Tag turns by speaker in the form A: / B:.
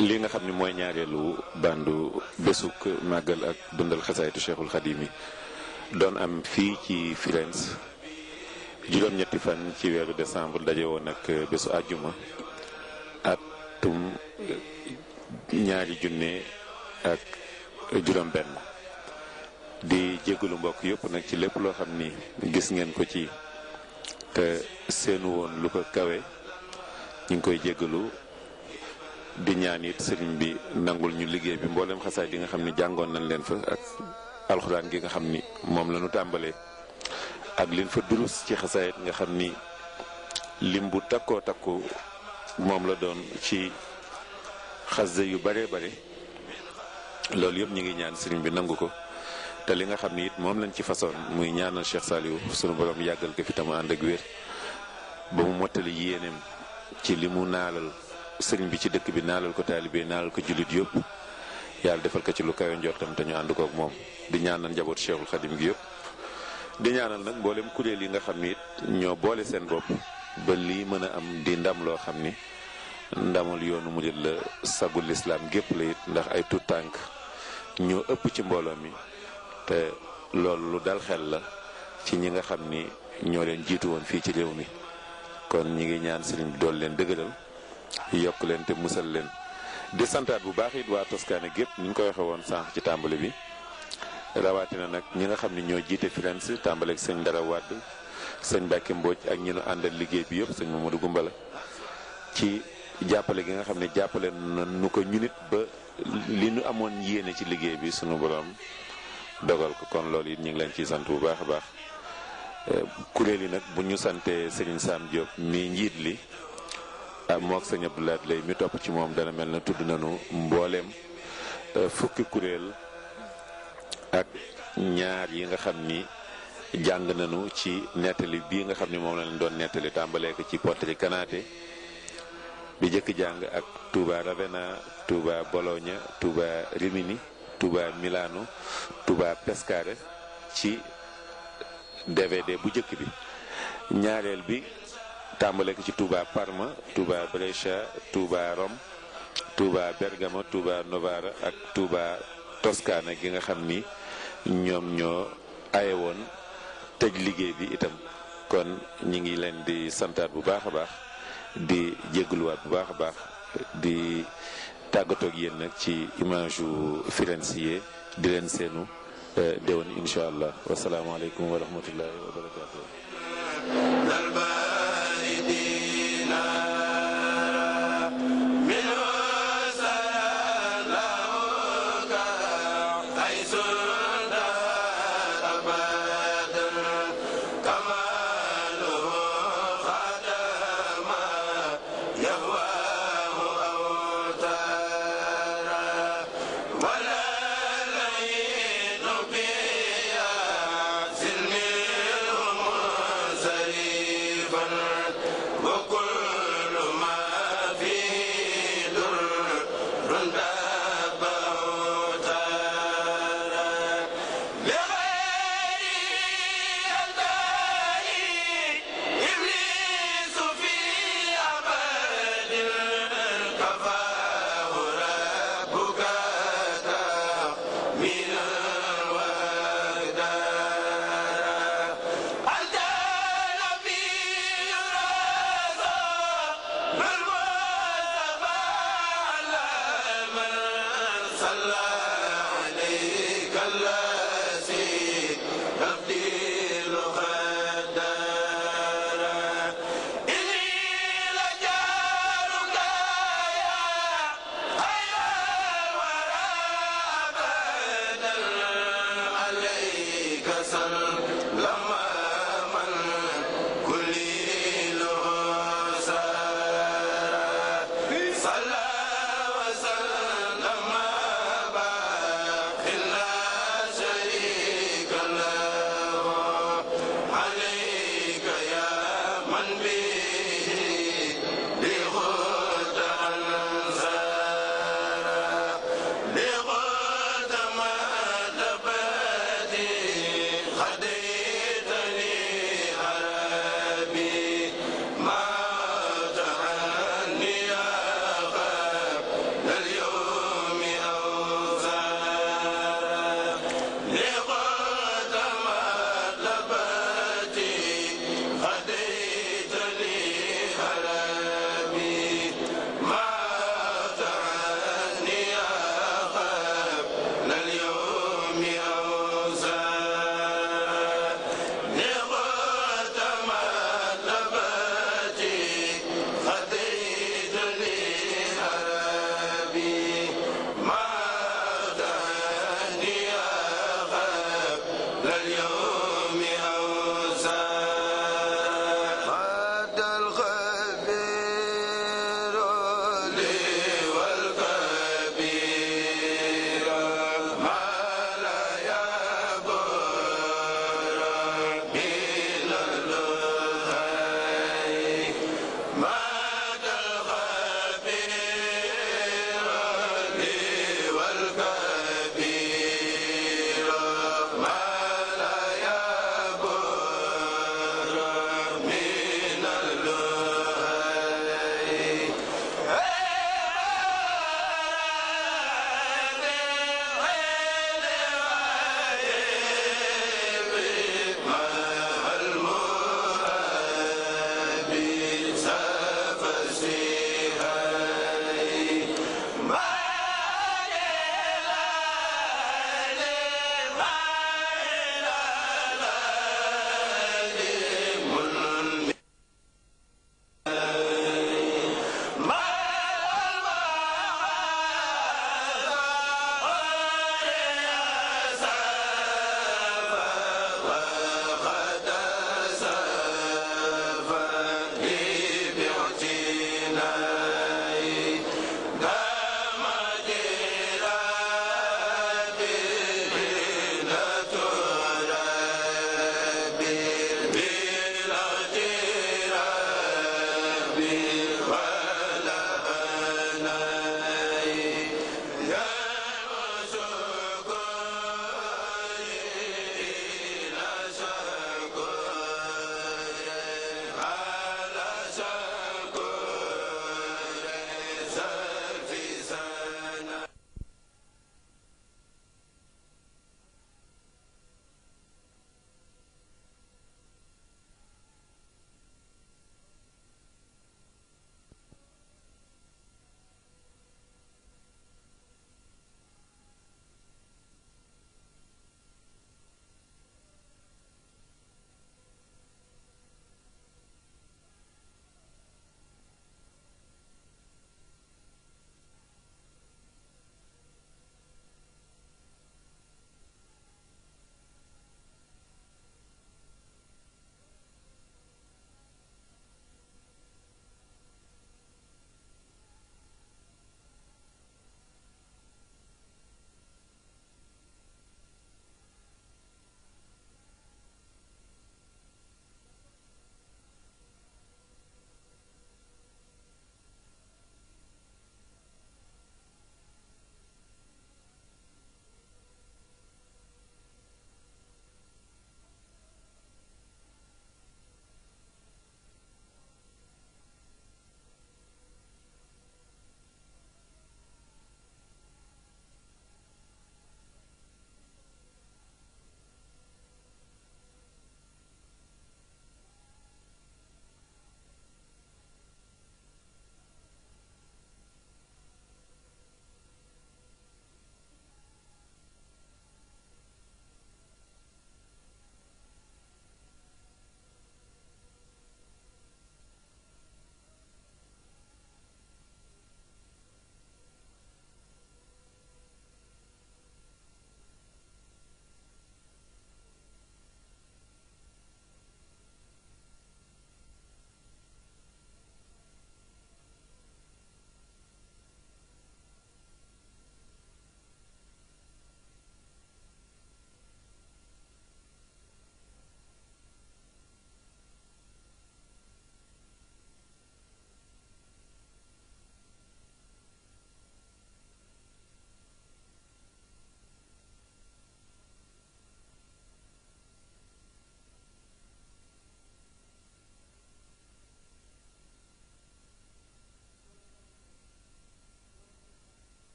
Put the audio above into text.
A: li nga xam ne mooy ñaareelu bandu bésuk màggal ak dundal xasaayitu cheikhul xadim yi doon am fii ci Firenze juróom-ñetti fan ci weeru décembre daje woon ak bésu àjjuma atum ñaari junne ak juróom benn di jégalu mbokk yëpp nag ci lépp loo xam ni gis ngeen ko ci te seenu woon lu ko kawe ñu ngi koy jégalu di ñaan it sëriñ bi nangul ñu liggéey bi mbooleem xasaay di nga xam ni jàngoon nañ leen fa ak alxuraan gi nga xam ni moom lañu ñu tàmbalee ak liñ fa durus ci xasaayit nga xam ni lim bu takkoo takku moom la doon ci xasde yu bare bare loolu yëpp ñu ngi ñaan sëriñ bi nangu ko te li nga xam ni it moom lañ ci façon muy ñaanal Cheikh Saliou sunu borom yàggal ko fi tam ànd ak wér ba mu mottali yéeneem ci li mu naalal sëriñ bi ci dëkk bi naalal ko taalibe naalal ko jullit yëpp yàlla defal ko ci lu kawe njortam te ñu ànd kook moom di ñaanal njaboot Cheikhul Khadim gi yëpp di ñaanal nag mboolem kuréel yi nga xam ni ñoo boole seen bopp ba lii mën a am di ndam loo xam ni ndamul yoonu mu la sagul lislaam gépp la it ndax ay tuut tànk ñoo ëpp ci mbooloo mi te loolu lu dal xel la ci ñi nga xam ni ñoo leen jiitu woon fii ci réew mi kon ñi ngi ñaan sëriñ bi dool leen dëgëral yokk leen te musal leen di santaat bu baax it waa Toscane gépp ni ñu ko waxee woon sànq ci tàmbali bi rawatina nag ñi nga xam ne ñoo jiite Firenze tàmbaleeg sëñ Dara Wàdd sëñ Mbàkke Mbooj ak ñi nu liggéey bi yëpp sëñ Mamadou Gumbala ci jàppale gi nga xam ne jàppale nu ko ñu nit ba li nu amoon yéene ci liggéey bi sunu borom dogal ko kon loolu it ñu ngi leen ci sant bu baax a baax eh, kuréel yi nag bu ñu santee sëñ Sam Diop mii njiit li Euh, mook sëñ Abdoulaye lay mi topp ci moom dana mel na tudd nanu mbooleem euh, fukki kuréel ak ñaar yi nga xam ni jàng nañu ci nettali bii nga xam ni moom la leen doon nettali tàmbalee ci Pontry Kanaté bi jëkk jàng ak Touba Ravenna Touba Bologna Touba Rimini Touba Milano Touba Pescara ci DVD bu jëkk bi ñaareel bi tàmbaleeku ko ci Touba Parma Touba Brescia Touba Rome Touba Bergamo Touba Novara ak Touba Toscana gi nga xam ni ñoom ñoo aye woon tëj liggéey bi itam kon ñi ngi leen di santaat bu baax a baax di jégaluwaat bu baax a baax di tàggatook ak yéen nag ci image yu Firenze di leen seenu eh, déwén incha allah wasalaamaaleykum wa rahmatullahi wa barakaatu.
B: صلى عليك الله